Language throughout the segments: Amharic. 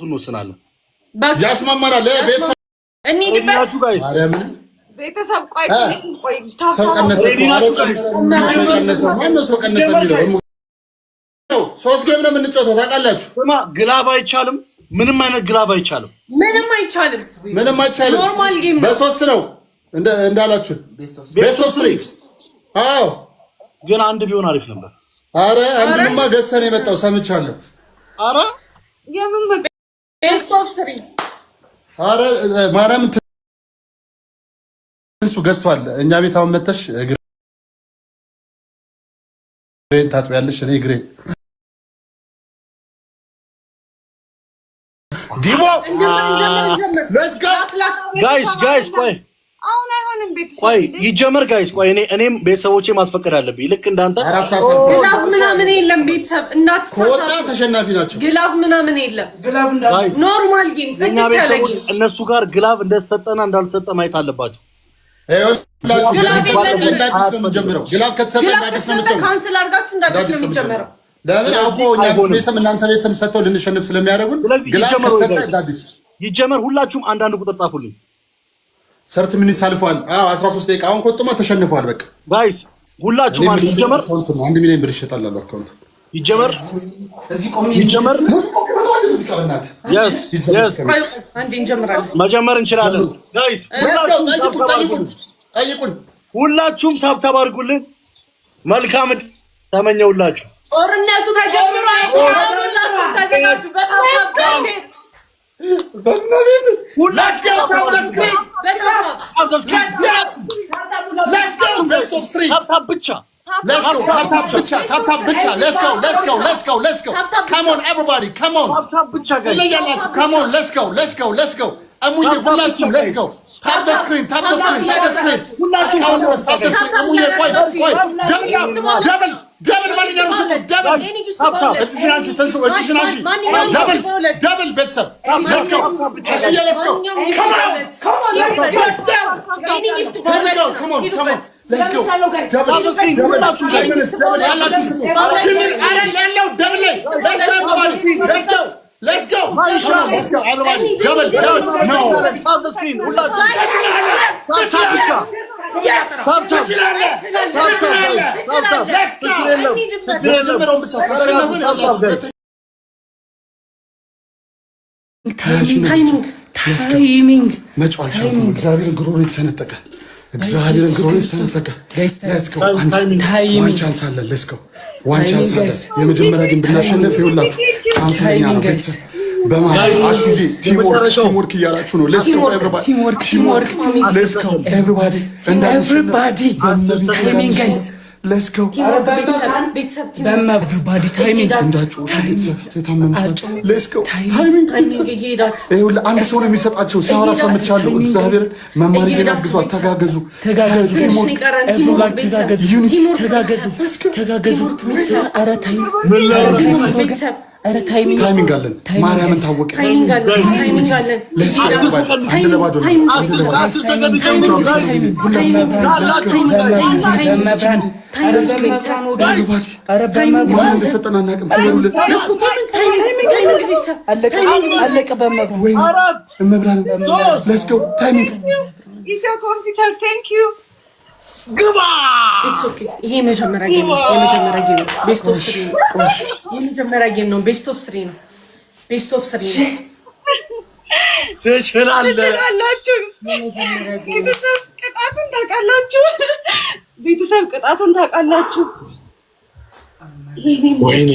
ሰዓት እንወስናለን። ያስማማናል። ቤተሰብ ሰው ጌም ነው የምንጫወተው። ታውቃላችሁ ግላብ አይቻልም። ምንም አይነት ግላብ አይቻልም። ምንም አይቻልም። ኖርማል ጌም በሶስት ነው እንዳላችሁ አዎ ግን አንድ ቢሆን አሪፍ ነበር። አረ አንድማ ገዝተን የመጣው ሰምቻለሁ። አረ የምን ማርያም እሱ ገዝቷል። እኛ ቤት አሁን መተሽ እግሬን ታጥቢያለሽ። እኔ እግሬ ዲሞ ጋይስ ጋይስ ቆይ አሁን አይሆንም። ቤት ቆይ ይጀመር ጋይስ ቆይ እኔ እኔም ቤተሰቦቼ ማስፈቀድ አለብኝ። ልክ እንዳንተ ግላፍ ምናምን የለም። ቤተሰብ እናት ከወጣ ተሸናፊ ናቸው። ግላፍ ምናምን የለም። ግላፍ ኖርማል ጌም ጽድቅ ያለ ጌም። እነሱ ጋር ግላፍ እንደተሰጠና እንዳልተሰጠ ማየት አለባችሁ። ግላፍ ከተሰጠ ካንስል አድርጋችሁ እንዳዲስ ነው የሚጀመረው። ለምን አውቆ ቤትም እናንተ ቤትም ሰጥተው ልንሸንፍ ስለሚያደርጉን ግላፍ ከተሰጠ እንዳዲስ ይጀመር። ሁላችሁም አንዳንድ ቁጥር ጻፉልኝ። ሰርት ምን አልፏል። አዎ 13 ደቂቃ አሁን ቆጥማ ተሸንፏል። በቃ ጋይስ ሁላችሁ ማለት ይጀመር አንድ ሚሊዮን ብር ይሸጣል አሉ አካውንት ይጀመር ይጀመር መጀመር እንችላለን። ጋይስ ጠይቁን፣ ሁላችሁም ታብታብ አድርጉልን። መልካም ተመኘሁላችሁ። ጦርነቱ ተጀምሯል። ብቻ እሙዬ ሁላችሁም ሌትስ ጎ ታፕ ዘ ስክሪን ታፕ ዘ ስክሪን ታፕ ዘ ስክሪን ሁላችሁም ታፕ ዘ ስክሪን። እሙዬ ቆይ ቆይ ደብል ደብል ማንኛሩ ስጡ ደብል እጅሽን አንሺ ትንሹ እጅሽን አንሺ ደብል ደብል ቤተሰብ ሌትስ ጎ እሺ ሌትስ ጎ ካም ኦን ካም ኦን ሌትስ ጎ ካም ኦን ካም ኦን ሌትስ ጎ ደብል ደብል ያላችሁ ስጡ ደብል ያለው ደብል ሌትስ ጎ Let's go. Let's go. Let's go. Everybody. Double. Double. No. Tap the screen. ታይሚንግ መጫወት እግዚአብሔርን ግሮሮ የተሰነጠቀ እግዚአብሔርን ግሮሮ የተሰነጠቀ ታይሚንግ ዋንቻንስ አለን። የመጀመሪያ ግን ብናሸነፍ ይውላችሁ ቻንስለኛ ቲምወርክ እያላችሁ ነው። አንድ ሰው ነው የሚሰጣቸው። ሲያወራ ሰምቻለሁ። እግዚአብሔር መማሪያ አግዙ፣ ተጋገዙ። ተጋገዙ ኧረ ታይሚንግ አለን። ማርያምን ታወቀ ታይሚንግ ይሄ የመጀመሪያ ጌም ነው። ቤስት ኦፍ ስሪ የመጀመሪያ ጌም ነው። ቤስት ኦፍ ስሪ ነው። ቤስት ኦፍ ስሪ ነው። ትችላላችሁ። ቅጣቱን ታውቃላችሁ። ቤተሰብ ቅጣቱን ታውቃላችሁ። ወይኔ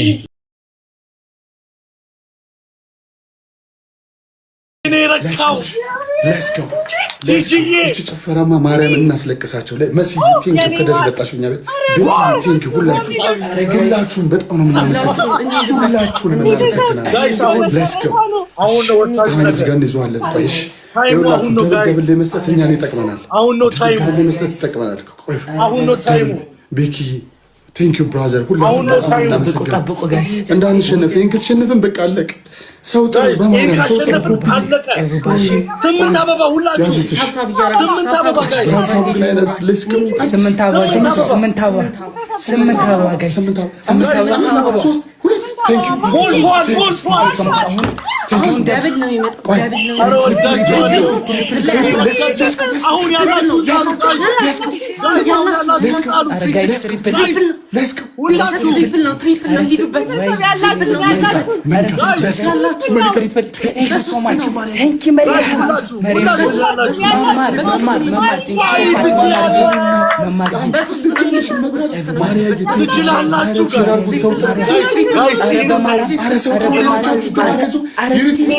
ይቺ ጭፈራማ ማርያም እናስለቅሳቸው። መስዬ ቴንኪው ከደስ መጣሽኛ ቤት ቴንኪው። ሁላችሁ ሁላችሁም በጣም ነው የምናመሰግነው፣ ሁላችሁንም አሁን እዚህ ጋር እንይዘዋለን። ቆይ እሺ፣ ሁላችሁ እኛን ይጠቅመናል፣ ይጠቅመናል። ቆይ ቴንክ ዩ ብራዘር፣ ሁላችሁም ይህን ክትሸንፍን በቃ አለቅ። ሰው ጥሩ ሰው ጥሩ ስምንት አበባ ሁላችሁ ስምንት አበባ ሰው securities.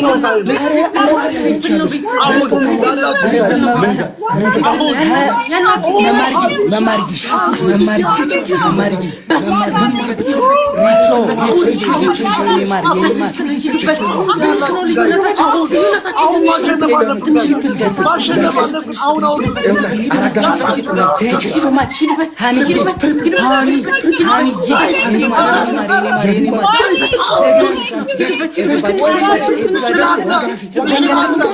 መማርጊሽ መማርጊሽ መማርጊ ሪቾ ትችላላችሁ።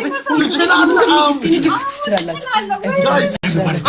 አይዟችሁ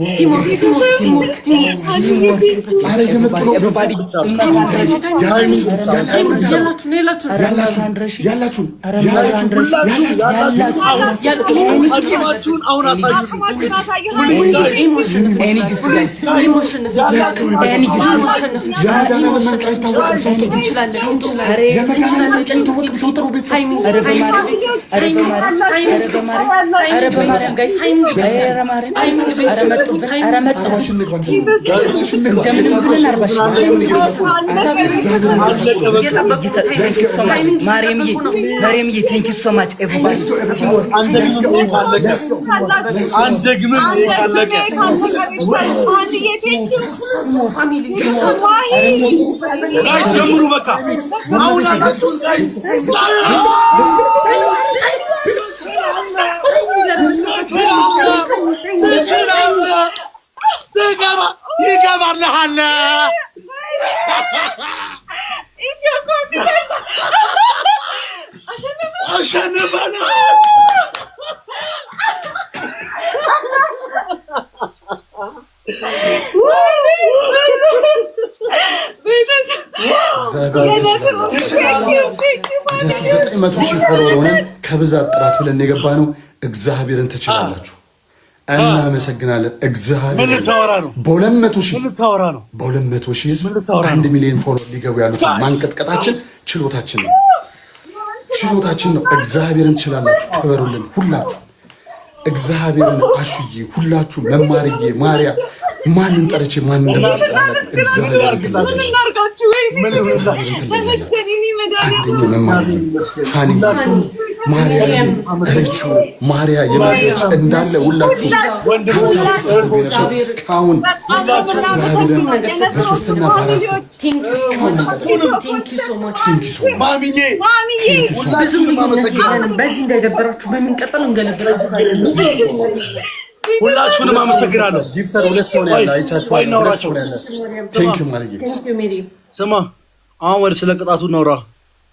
ሰው ጥሩ ጀምሩ በቃ ይገባል አለ አሸንፈናል። ዘጠኝ መቶ ሺህ ፎሎወር ሆነን ከብዛት ጥራት ብለን የገባ ነው። እግዚአብሔርን ትችላላችሁ። እናመሰግናለን። እግዚአብሔር በሁለት መቶ ሺህ በሁለት መቶ ሺህ ህዝብ አንድ ሚሊዮን ፎሎ ሊገቡ ያሉት ማንቀጥቀጣችን ችሎታችን ነው ችሎታችን ነው። እግዚአብሔርን ትችላላችሁ። ክበሩልን ሁላችሁ እግዚአብሔርን አሹዬ ሁላችሁ መማርዬ ማርያ ማንን ጠርቼ ማንን እንደማስጠራላት እግዚአብሔር አንደኛ መማርዬ ሀኒ ማርያ ሬቹ ማርያ እንዳለ ሁላችሁ እስካሁን በሶስትና በአራት ብዙ በዚህ እንዳይደበራችሁ ሁላችሁንም አመሰግናለሁ። ጊፍተር ሁለት ሰው ነው ያለ አይቻችኋል። ሁለት ሰው ነው ያለ። ስማ አሁን ወደ ስለ ቅጣቱ እናውራ።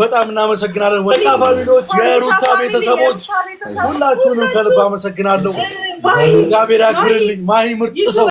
በጣም እናመሰግናለን። ወጣ ፋሚሊዎች፣ የሩታ ቤተሰቦች ሁላችሁንም ከልብ አመሰግናለሁ። እግዚአብሔር ያክብርልኝ። ማሂ ምርጥ ሰው